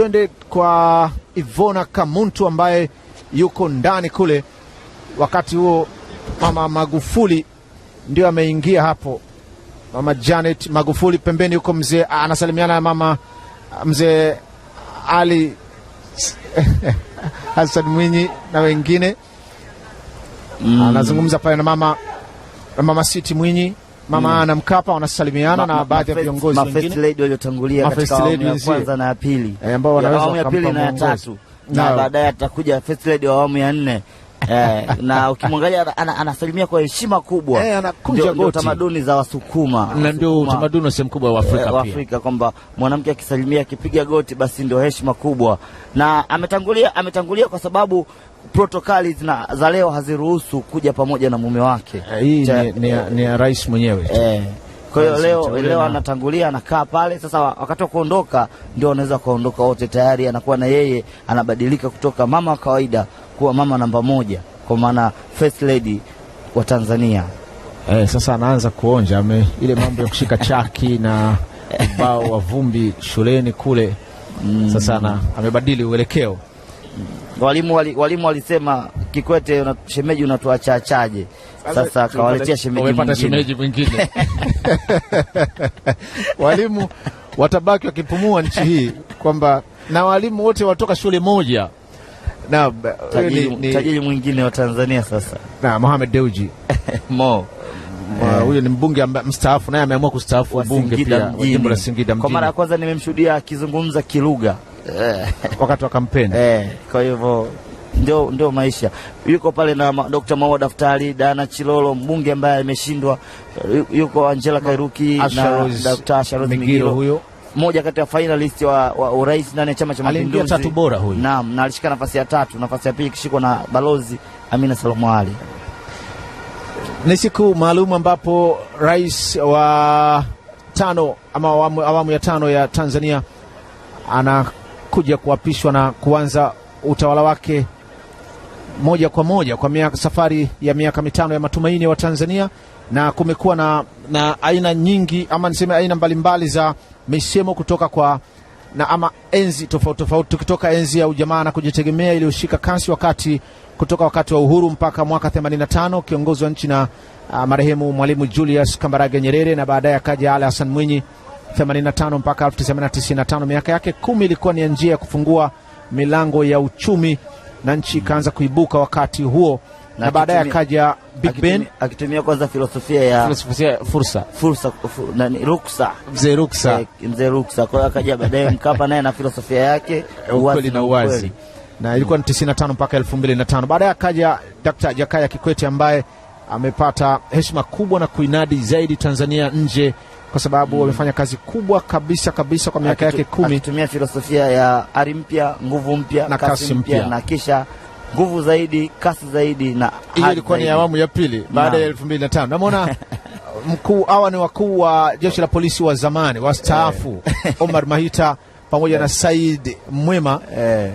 twende kwa Ivona Kamuntu ambaye yuko ndani kule. Wakati huo mama Magufuli ndio ameingia hapo, mama Janet Magufuli pembeni yuko mzee, anasalimiana na mama mzee Ali Hassan Mwinyi na wengine mm. Anazungumza pale na mama na mama Siti Mwinyi mama mm. na Mkapa wanasalimiana na baadhi ya viongozi wengine, first lady waliotangulia katika awamu ya kwanza na ya pili, eh, ambao wanaweza ya pili na ya tatu, na baadaye atakuja first lady wa awamu ya nne Eh, na ukimwangalia anasalimia kwa heshima kubwa eh, anakunja goti. Utamaduni za Wasukuma na ndio utamaduni wa sehemu kubwa eh, wa Afrika, eh, Afrika kwamba mwanamke akisalimia akipiga goti basi ndio heshima kubwa, na ametangulia, ametangulia kwa sababu protokali za leo haziruhusu kuja pamoja na mume wake. Eh, hii ni, ni, ni rais mwenyewe eh. Kwa hiyo leo, leo anatangulia anakaa pale. Sasa wakati wa kuondoka ndio anaweza kuondoka wote, tayari anakuwa na yeye anabadilika kutoka mama wa kawaida kuwa mama namba moja kwa maana first lady wa Tanzania. Eh, sasa anaanza kuonja ame, ile mambo ya kushika chaki na ubao wa vumbi shuleni kule mm. Sasa ana, amebadili uelekeo. Walimu walimu walisema Kikwete una, shemeji unatuachachaje? Sasa akawaletea shemeji mwingine walimu watabaki wakipumua nchi hii kwamba na walimu wote watoka shule moja na, tajiri, ni, tajiri mwingine wa Tanzania sasa na Mohamed Deuji Mo eh. huyo eh, ni mbunge mstaafu naye ameamua kustaafu ubunge pia jimbo la Singida mjini. Kwa mara ya kwanza nimemshuhudia akizungumza kilugha eh. wakati wa kampeni eh, kwa hivyo ndio, ndio maisha. Yuko pale na ma, Dr. Maua Daftari, Dana Chilolo, mbunge ambaye ameshindwa, yuko Angela Kairuki na Dr. Asha Rose Migiro, huyo moja kati ya finalist wa, wa urais ndani ya Chama cha Mapinduzi. Aliingia tatu bora huyu. Naam, na alishika nafasi ya tatu, nafasi ya pili ikishikwa na Balozi Amina Salamu Ali. Ni siku maalum ambapo rais wa tano ama awamu, awamu ya tano ya Tanzania anakuja kuapishwa na kuanza utawala wake moja kwa moja kwa miaka, safari ya miaka mitano ya matumaini wa Tanzania, na kumekuwa na, na aina nyingi ama niseme aina mbalimbali za misemo kutoka kwa na ama enzi tofauti tofauti, tukitoka enzi ya ujamaa na kujitegemea iliyoshika kasi wakati kutoka wakati wa uhuru mpaka mwaka 85 kiongozi wa nchi na uh, marehemu Mwalimu Julius Kambarage Nyerere, na baadaye akaja Ali Hassan Mwinyi 85 mpaka 1995. Miaka yake kumi ilikuwa ni njia ya kufungua milango ya uchumi na nchi ikaanza kuibuka wakati huo na, na baadaye akaja Big Ben akitumia kwanza filosofia ya filosofia fursa fursa na ruksa mzee ruksa eh, mzee ruksa. Kwa hiyo akaja baadaye Mkapa naye na filosofia yake ukweli na uwazi, na ilikuwa ni 95 mpaka 2005. Baadaye akaja Dr. Jakaya Kikwete ambaye amepata heshima kubwa na kuinadi zaidi Tanzania nje kwa sababu mm, wamefanya kazi kubwa kabisa kabisa kwa miaka yake kumi akitumia filosofia ya ari mpya, nguvu mpya na kasi mpya na kisha nguvu zaidi, kasi zaidi. Na hiyo ilikuwa ni awamu ya pili baada ya elfu mbili na tano namwona mkuu hawa ni wakuu wa jeshi la polisi wa zamani wastaafu eh. Omar Mahita pamoja na eh. Said Mwema eh.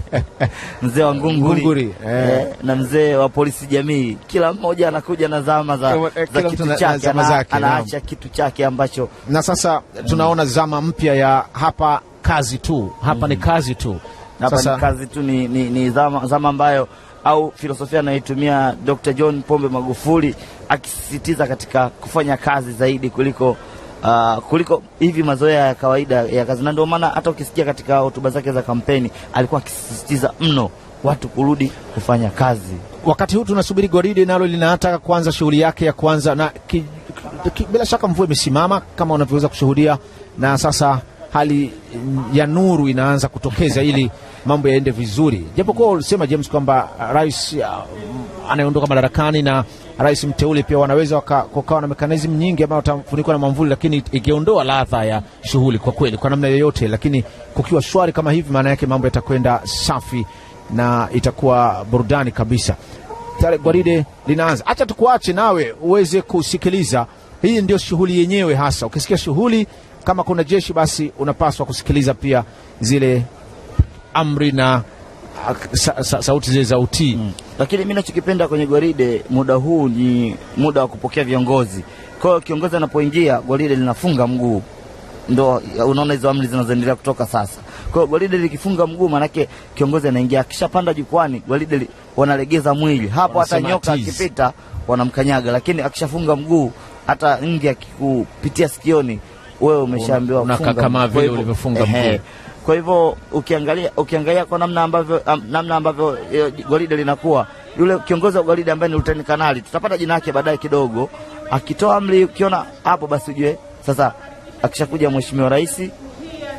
mzee wa ngunguri, ngunguri. Eh, na mzee wa polisi jamii, kila mmoja anakuja na zama za, za kitu chake, anaacha kitu chake ambacho, na sasa tunaona zama mpya ya hapa kazi tu, hapa mm. ni kazi tu hapa sasa, ni kazi tu ni, ni, ni zama, zama ambayo au filosofia anayoitumia Dr. John Pombe Magufuli akisisitiza katika kufanya kazi zaidi kuliko Uh, kuliko hivi mazoea ya kawaida ya kazi, na ndio maana hata ukisikia katika hotuba zake za kampeni alikuwa akisisitiza mno watu kurudi kufanya kazi. Wakati huu tunasubiri gwaride nalo linataka kuanza shughuli yake ya kwanza, na ki, ki, bila shaka mvua imesimama kama unavyoweza kushuhudia, na sasa hali ya nuru inaanza kutokeza ili mambo yaende vizuri, japokuwa ulisema James kwamba uh, rais uh, anayeondoka madarakani na rais mteule pia wanaweza kukawa na mekanizmu nyingi ambayo watafunikwa na mamvuli, lakini ikiondoa ladha ya shughuli kwa kweli, kwa namna yoyote. Lakini kukiwa shwari kama hivi, maana yake mambo yatakwenda safi na itakuwa burudani kabisa. Tare gwaride linaanza. Acha tukuache nawe uweze kusikiliza. Hii ndio shughuli yenyewe hasa. Ukisikia shughuli kama kuna jeshi basi unapaswa kusikiliza pia zile amri na ah, sa, sa, sauti zile za utii mm. Lakini mi nachokipenda kwenye gwaride muda huu ni muda wa kupokea viongozi. Kwa hiyo kiongozi anapoingia gwaride linafunga mguu, ndo unaona hizo amri zinazoendelea kutoka sasa. Kwa hiyo gwaride likifunga mguu, maanake kiongozi anaingia, akishapanda jukwani gwaride li, wanalegeza mwili hapo, hata nyoka akipita wanamkanyaga, lakini akishafunga mguu, hata nge akikupitia sikioni wewe umeshaambiwa kufunga kama vile ulivyofunga mguu. Kwa hivyo ukiangalia, ukiangalia kwa namna ambavyo namna ambavyo e, gwaride linakuwa, yule kiongozi wa gwaride ambaye ni Luteni Kanali, tutapata jina lake baadaye kidogo, akitoa amri, ukiona hapo basi ujue sasa, akishakuja mheshimiwa rais,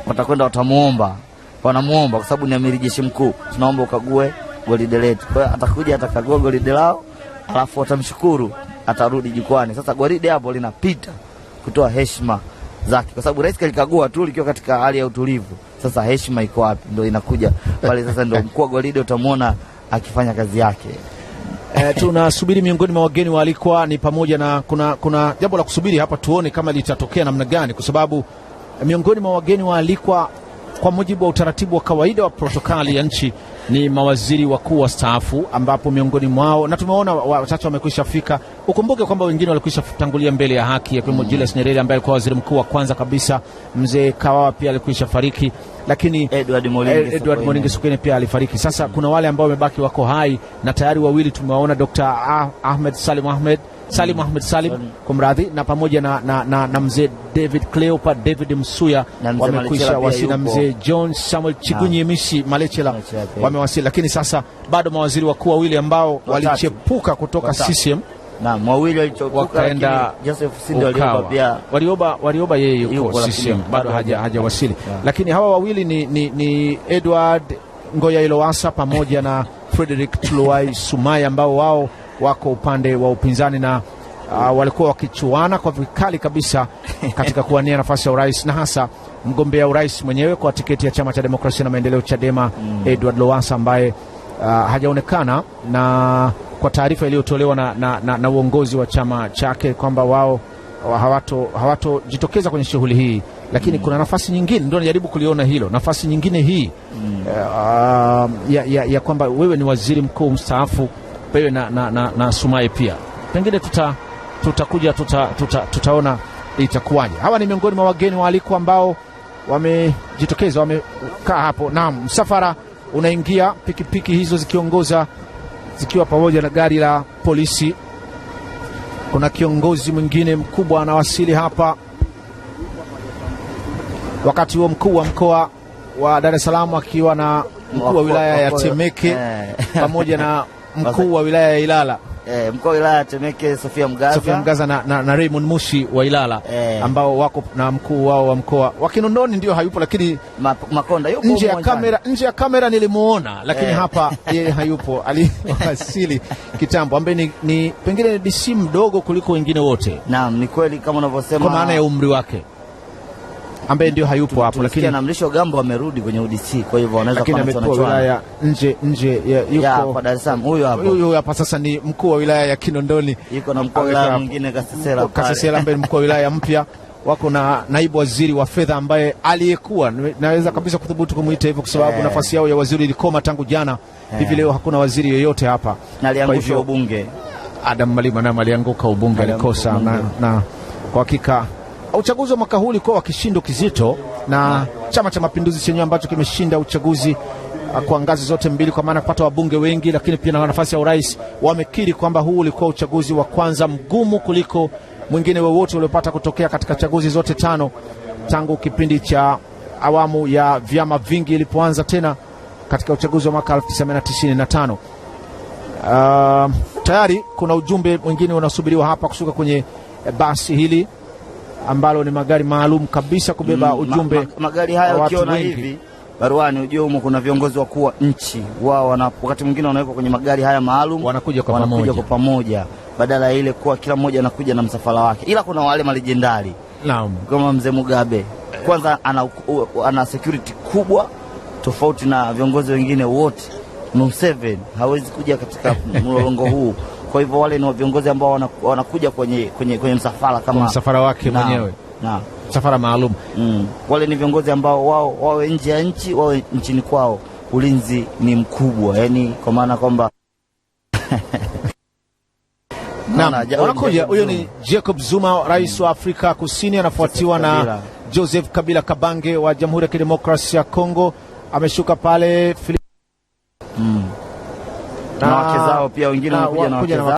watakwenda watamuomba, wanamuomba kwa sababu ni amiri jeshi mkuu, tunaomba ukague gwaride letu. Kwa hiyo atakuja atakagua gwaride lao, alafu watamshukuru, atarudi jukwani. Sasa gwaride hapo linapita kutoa heshima zake, kwa sababu rais kalikagua tu likiwa katika hali ya utulivu. Sasa heshima iko wapi? Ndio inakuja pale sasa, ndio mkuu wa gwaride utamwona akifanya kazi yake. E, tunasubiri miongoni mwa wageni waalikwa ni pamoja na kuna, kuna jambo la kusubiri hapa, tuone kama litatokea namna gani, kwa sababu miongoni mwa wageni waalikwa kwa mujibu wa utaratibu wa kawaida wa protokali ya nchi ni mawaziri wakuu wastaafu, ambapo miongoni mwao na tumeona watatu wamekwisha fika. Ukumbuke kwamba wengine walikwisha tangulia mbele ya haki, akiwemo mm. Julius Nyerere ambaye alikuwa waziri mkuu wa kwanza kabisa. Mzee Kawawa pia alikwisha fariki lakini eh, Edward Moringe, eh, Edward Sokoine pia alifariki. Sasa kuna wale ambao wamebaki wako hai na tayari wawili tumewaona Dr. Ah, Ahmed Salim Ahmed Salim Ahmed Salim kumradhi, na pamoja na, na, na, na mzee David Cleopa David Msuya wamekwisha wasili na mzee John Samuel Chigunyi ah. Misi Malechela wamewasili, lakini sasa bado mawaziri wakuu wawili ambao walichepuka kutoka CCM na wawili walichotoka wakaenda Joseph Sindo Walioba pia. Walioba Walioba yeye yuko CCM bado haja hajawasili. Yeah. Lakini hawa wawili ni, ni, ni Edward Ngoya Ilowasa pamoja na Frederick Tluwai Sumaye ambao wao wako upande wa upinzani na uh, walikuwa wakichuana kwa vikali kabisa katika kuwania nafasi ya urais na hasa mgombea urais mwenyewe kwa tiketi ya chama cha demokrasia na maendeleo Chadema, mm. Edward Lowassa ambaye uh, hajaonekana na kwa taarifa iliyotolewa na, na, na, na uongozi wa chama chake kwamba wao hawatojitokeza hawato kwenye shughuli hii, lakini mm. kuna nafasi nyingine, ndio najaribu kuliona hilo, nafasi nyingine hii mm. uh, ya, ya, ya kwamba wewe ni waziri mkuu mstaafu wewe na, na, na, na Sumaye pia pengine tuta tutakuja tuta, tuta, tutaona itakuwaje. Hawa ni miongoni mwa wageni waaliko ambao wamejitokeza wamekaa hapo. Naam, msafara unaingia, pikipiki piki hizo zikiongoza zikiwa pamoja na gari la polisi. Kuna kiongozi mwingine mkubwa anawasili hapa. Wakati huo mkuu wa mkoa wa Dar es Salaam akiwa na mkuu wa wilaya ya Temeke pamoja na mkuu wa wilaya ya Ilala eh, mkuu wa wilaya Temeke Sofia Mgaza, Sofia Mgaza na, na, na Raymond Mushi wa Ilala eh, ambao wako na mkuu wao wa mkoa wa Kinondoni ndio hayupo, lakini Ma, Makonda yupo nje ya kamera, nje ya kamera nilimuona, lakini eh, hapa yeye hayupo, aliwasili kitambo, ambaye ni, ni pengine ni DC mdogo kuliko wengine wote. Naam, ni kweli kama unavyosema, kwa maana ya umri wake ambaye ndio hayupo hapo, lakini na Mrisho Gambo amerudi kwenye UDC, kwa hivyo anaweza kwa chochote. Lakini wilaya nje nje ya yuko hapa Dar es Salaam, huyo hapo huyo hapa sasa ni mkuu wa wilaya ya Kinondoni, yuko na mkuu wa wilaya mwingine Kasesera, pale Kasesera ambaye ni mkuu wa wilaya mpya wako na naibu waziri wa fedha ambaye aliyekuwa naweza kabisa kuthubutu kumwita hivyo kwa sababu yeah. nafasi yao ya waziri ilikoma tangu jana yeah. hivi leo hakuna waziri yoyote hapa, na aliangusha ubunge Adam Malima, na alianguka ubunge alikosa na, na kwa hakika uchaguzi wa mwaka huu ulikuwa wa kishindo kizito, na Chama cha Mapinduzi chenyewe ambacho kimeshinda uchaguzi uh, kwa ngazi zote mbili, kwa maana kupata wabunge wengi, lakini pia na nafasi ya urais, wamekiri kwamba huu ulikuwa uchaguzi wa kwanza mgumu kuliko mwingine wowote uliopata kutokea katika chaguzi zote tano tangu kipindi cha awamu ya vyama vingi ilipoanza tena katika uchaguzi wa mwaka 1995. Uh, tayari kuna ujumbe mwingine unasubiriwa hapa kusuka kwenye basi hili ambalo ni magari maalum kabisa kubeba mm, ujumbe ma, ma, magari haya ukiona hivi baruani, ujue humo kuna viongozi wakuu wa nchi wao, wakati mwingine wanawekwa kwenye magari haya maalum, wanakuja kwa wanakuja pamoja, pamoja badala ya ile kuwa kila mmoja anakuja na msafara wake, ila kuna wale malejendari naam, kama mzee Mugabe kwanza ana, ana security kubwa tofauti na viongozi wengine wote. Museveni hawezi kuja katika mlolongo huu. Kwa hivyo wale ni viongozi ambao wanakuja kwenye, kwenye, kwenye msafara kama msafara wake mwenyewe na msafara maalum mm. Wale ni viongozi ambao wao wawe nje ya nchi wawe nchini kwao, ulinzi ni mkubwa, yani kwa maana kwamba wanakuja. Huyo ni Jacob Zuma, rais mm. wa Afrika Kusini, anafuatiwa na Joseph Kabila Kabange wa Jamhuri ya Kidemokrasia ya Kongo, ameshuka pale Fili mm na wake zao pia wengine wanakuja na